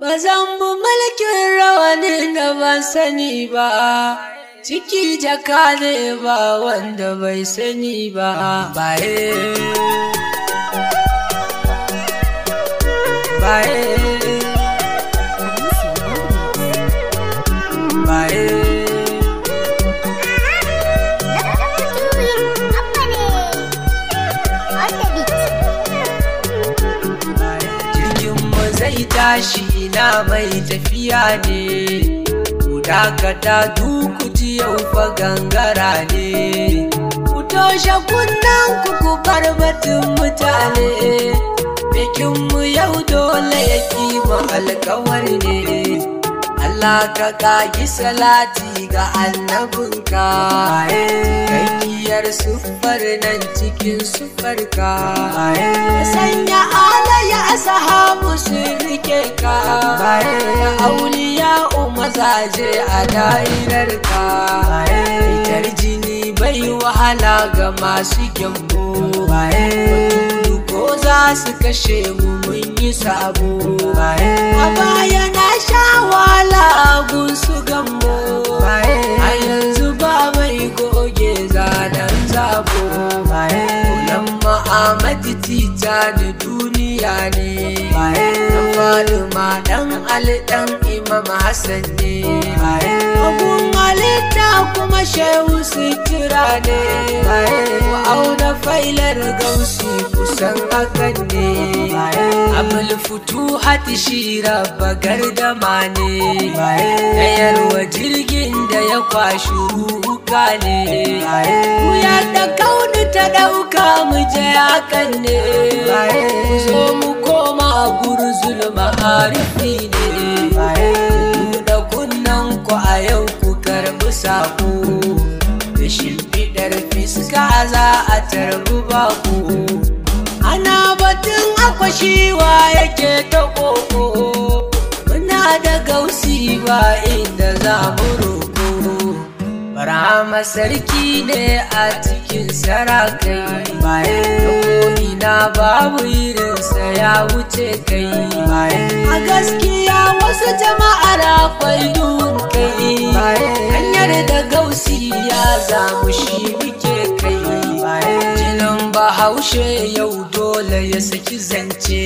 Ba zan mulkin rawanin da ban sani ba, ciki jaka ne ba wanda bai sani ba. Baye, baye. mai tafiya ne ku dakata duku ji yau fa gangara ne ku toshe kunnen ku ku bar batun mutane bikinmu yau dole ya kima alkawar ne Allah ka kagi salati ga annabinka kankiyar sufar nan cikin sufarka ka sanya alaya sahabu sun rike ka ya auliya mazaje a da'irarka fitar jini bai wahala ga masu gyambo ko za su kashe mu mun yi sabo a baya na sha wala gun su gambo a yanzu ba mai goge zanen sabo. kulan ma'amadi tita da duniya ne na dan alɗan imam hassan ne abun halitta kuma shehu tira ne wa auna failar gausu dan hakan ne abul futuhat shi gardama ne dayar wa jirgin da ya kwashi ruka ne wuya da kauni ta dauka mu je hakan ne zo mu koma gurzun ma'arifi ne da kunnan ku a yau ku karbi sako da shimfiɗar fiska za a tarbi baku akwa akwashiwa yake ta koko, muna da gausi ba inda za mu roko. Barama sarki ne a cikin sarakai, baye da na babu irinsa ya wuce kai. A gaskiya wasu jama'ar akwai dun kai, hanyar da gausi ya zamu shi muke haushe yau dole ya saki zance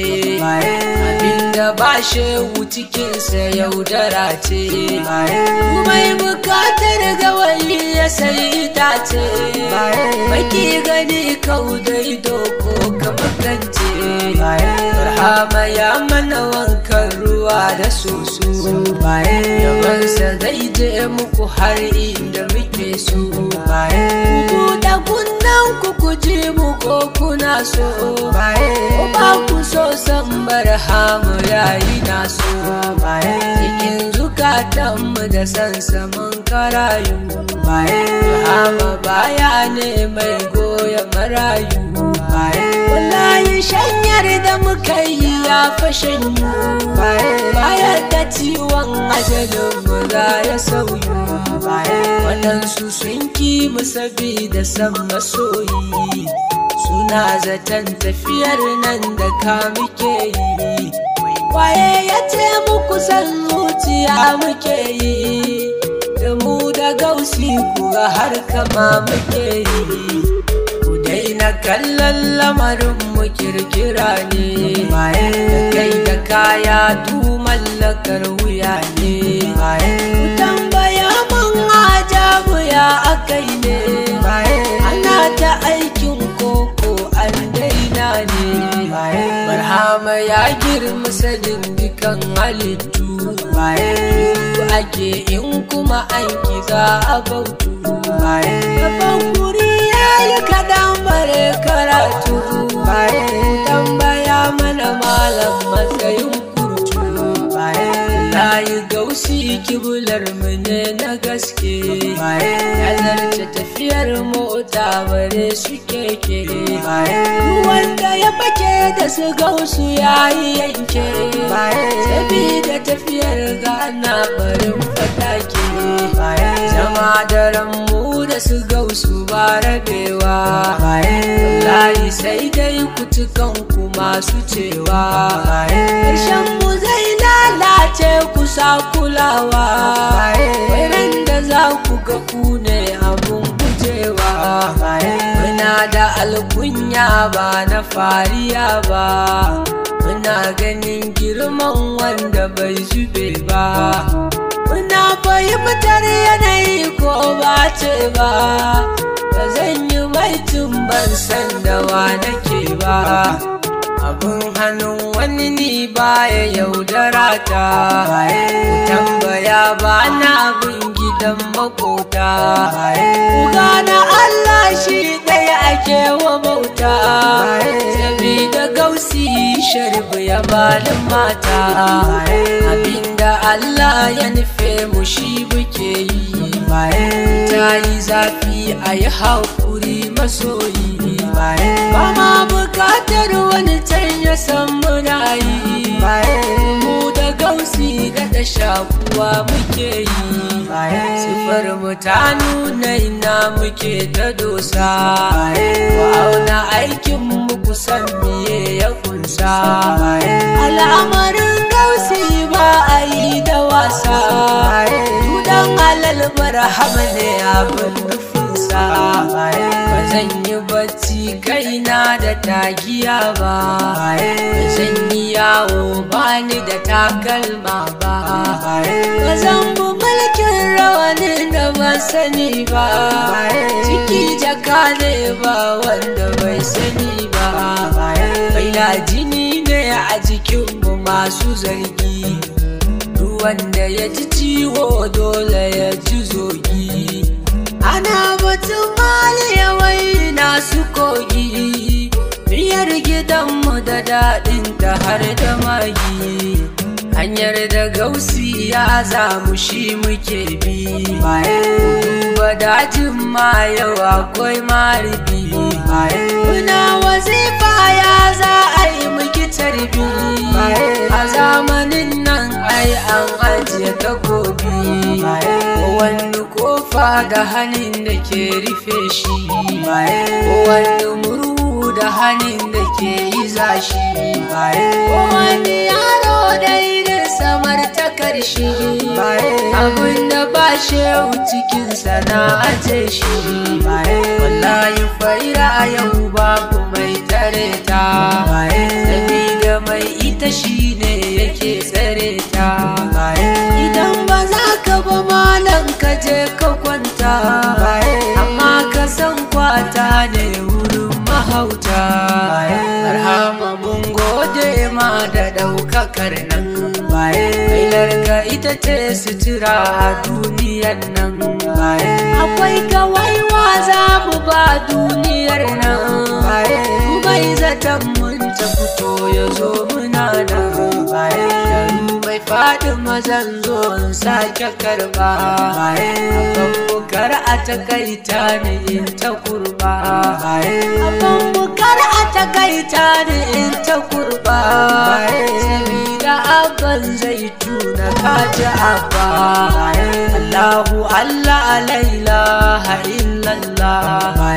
abinda ba shehu cikinsa yaudara ce mai bukatar gawali ya sayi ce baki gani kau daido ko kamakance farhama ya mana wankan ruwa da susu yawansa zai je muku har inda muke su ku da kun Idan ku ji mu ko kuna so ba ku so san bar hamu yayi na so Cikin zukatanmu da sansamin karayu Hama baya ne mai goya marayu shanyar da muka yi ya fashe mu bayar ciwon ajalin mu za ya sauyu waɗansu sun ki mu sabida san masoyi suna zaton tafiyar nan da ka muke yi waye ya ce muku san zuciya muke yi da mu da gausi kuwa har kama muke yi kallon lamarin mu kirkira ne da kai da kaya tu mallakar wuya ne ku tambaya mun aja ya akai ne ana ta aikin koko an daina ne barhama ya girma sadin dukan halittu ake in kuma aiki za a bautu babban guri ya yi kaɗan kare karatu tambaya mana malam matsayin kurtu baye yi gausi kibular mu ne na gaske baye nazarce tafiyar mota bare su keke baye wanda ya fake da su gausu yayi yanke baye sabida tafiyar gana barin fatake baye zama daren mu da su ba rabewa layi sai dai kutukan ku masu cewa karshen mu zai lalace kusa kulawa ran da za ku ga ku ne abun gujewa muna da alkunya ba na fariya ba muna ganin girman wanda bai zube ba fitar yanayi ko ba ce ba ba zan yi baitin ban san da wa nake ba abin hannun wani ni ba ya yaudara ta tambaya ba na abin gidan makota ku gana Allah ke wa bauta sabida gausi sharbu ya malin mata abinda Allah ya nufe mu shi buke yi ta yi zafi a yi haƙuri masoyi ba ma bukatar wani can ya san muna yi kuwa muke yi sifar mu na ina muke ta dosa wa auna aikin muku san biye ya kunsa al'amarin gausi ba a yi da wasa tudan halal marhama ne abin nufi motsa ba zan yi bacci kaina da tagiya ba ba zan yi yawo bani da takalma ba ba zan bu mulkin rawanin da ba sani ba ciki jaka ne ba wanda bai sani ba bai jini ne a jikinmu masu zargi wanda ya ji ciwo dole ya ji zogi ana batun maliyawai na su kogi biyar gidanmu da daɗin ta har da magi hanyar da gausi ya zamu shi muke bi ba dajin ma yau akwai maribi muna wazifa ya za a yi muke tarbi da takobi wani kofa da hannun da ke rufe shi wani murhu da hannun da ke yi zashi wani yaro da irin samar ta karshe abin da ba shehu cikin sana'a ce shi wallahi fa'ira a yau babu mai tare ta da mai ta shi ne yake tsare ta idan ba za ka ba malam ka je ka kwanta amma ka san kwata ne wurin mahauta arhama mun gode ma da ɗaukakar nan Bailar ka ita ce sutura a duniyar nan akwai kawaiwa za mu ba duniyar nan bai zaton mun ta fito ya zo girma zan zo in sake karba abubakar a takaita ne in ta kurba abubakar a takaita ne in ta kurba sabida abban zai tuna kaji abba Allahu Allah alaila ilaha illallah